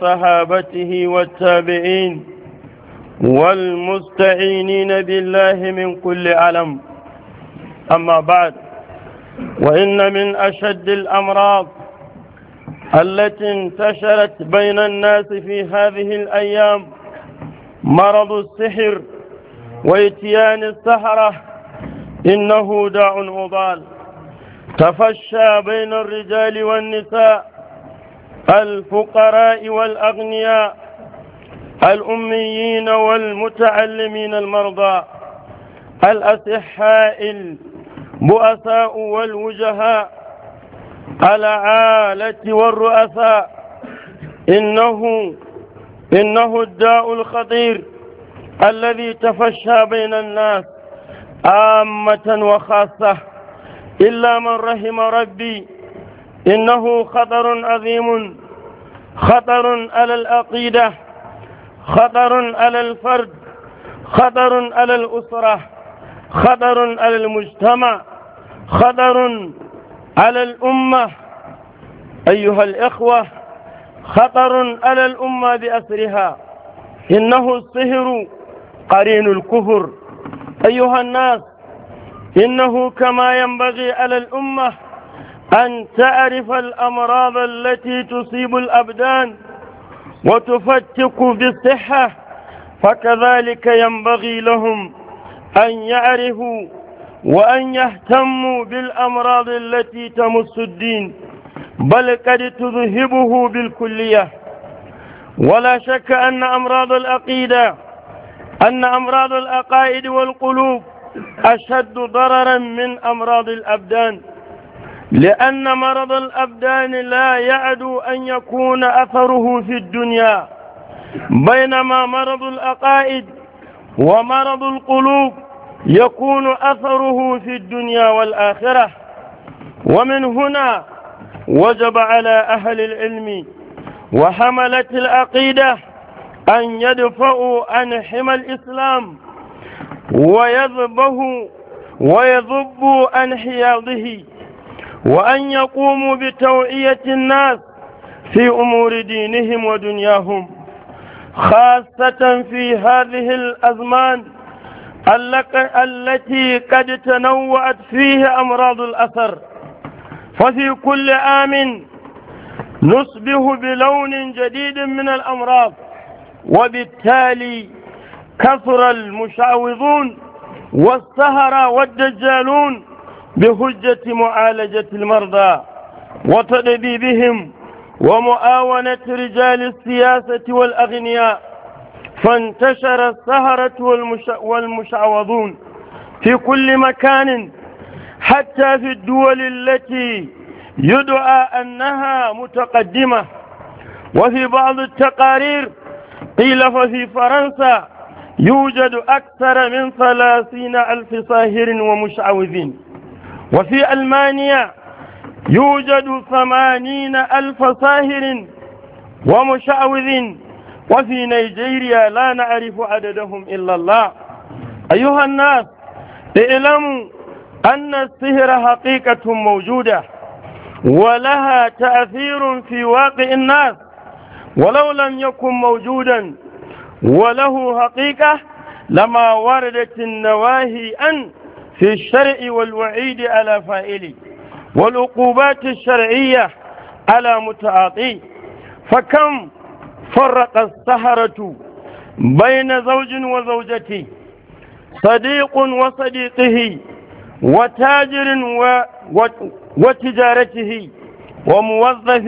صحابته والتابعين والمستعينين بالله من كل علم أما بعد وإن من أشد الأمراض التي انتشرت بين الناس في هذه الأيام مرض السحر وإتيان السحرة إنه داع مضال تفشى بين الرجال والنساء الفقراء والأغنياء الأميين والمتعلمين المرضى الأصحاء البؤساء والوجهاء العالة والرؤساء إنه إنه الداء الخطير الذي تفشى بين الناس عامة وخاصة إلا من رحم ربي إنه خطر عظيم خطر على العقيدة خطر على الفرد خطر على الأسرة خطر على المجتمع خطر على الأمة أيها الإخوة خطر على الأمة بأسرها إنه السهر قرين الكفر أيها الناس إنه كما ينبغي على الأمة أن تعرف الأمراض التي تصيب الأبدان وتفتق بالصحة فكذلك ينبغي لهم أن يعرفوا وأن يهتموا بالأمراض التي تمس الدين بل قد تذهبه بالكلية ولا شك أن أمراض العقيدة أن أمراض العقائد والقلوب أشد ضررا من أمراض الأبدان لأن مرض الأبدان لا يعدو أن يكون أثره في الدنيا بينما مرض الأقائد ومرض القلوب يكون أثره في الدنيا والآخرة ومن هنا وجب على أهل العلم وحملة العقيدة أن يدفعوا عن حمى الإسلام ويذبه ويذبوا عن حياضه وأن يقوموا بتوعية الناس في أمور دينهم ودنياهم خاصة في هذه الأزمان التي قد تنوعت فيه أمراض الأثر ففي كل عام نصبح بلون جديد من الأمراض وبالتالي كثر المشعوذون والسهر والدجالون بحجة معالجة المرضى وتدبيبهم ومؤاونة رجال السياسة والأغنياء فانتشر السهرة والمش... والمشعوذون في كل مكان حتى في الدول التي يدعى أنها متقدمة وفي بعض التقارير قيل ففي فرنسا يوجد أكثر من ثلاثين ألف صاهر ومشعوذين وفي ألمانيا يوجد ثمانين ألف ساهر ومشعوذ وفي نيجيريا لا نعرف عددهم إلا الله أيها الناس اعلموا أن السهر حقيقة موجودة ولها تأثير في واقع الناس ولو لم يكن موجودا وله حقيقة لما وردت النواهي أن في الشرع والوعيد على فائلي والعقوبات الشرعية على متعاطي فكم فرق السهرة بين زوج وزوجته صديق وصديقه وتاجر و... وتجارته وموظف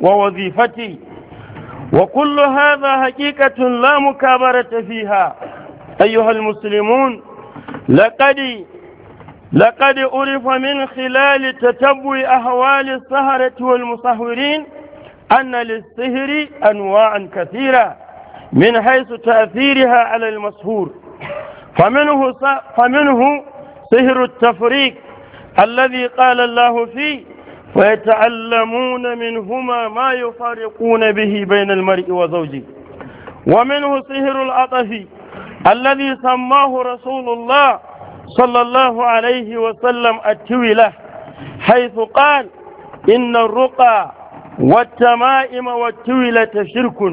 ووظيفتي وكل هذا حقيقة لا مكابرة فيها أيها المسلمون لقد لقد عرف من خلال تتبع أهوال السهرة والمصهورين أن للسهر أنواعا كثيرة من حيث تأثيرها على المسهور فمنه, فمنه سهر التفريق الذي قال الله فيه ويتعلمون منهما ما يفارقون به بين المرء وزوجه ومنه سهر العطف الذي سماه رسول الله صلى الله عليه وسلم التويلة حيث قال إن الرقى والتمائم والتويلة شرك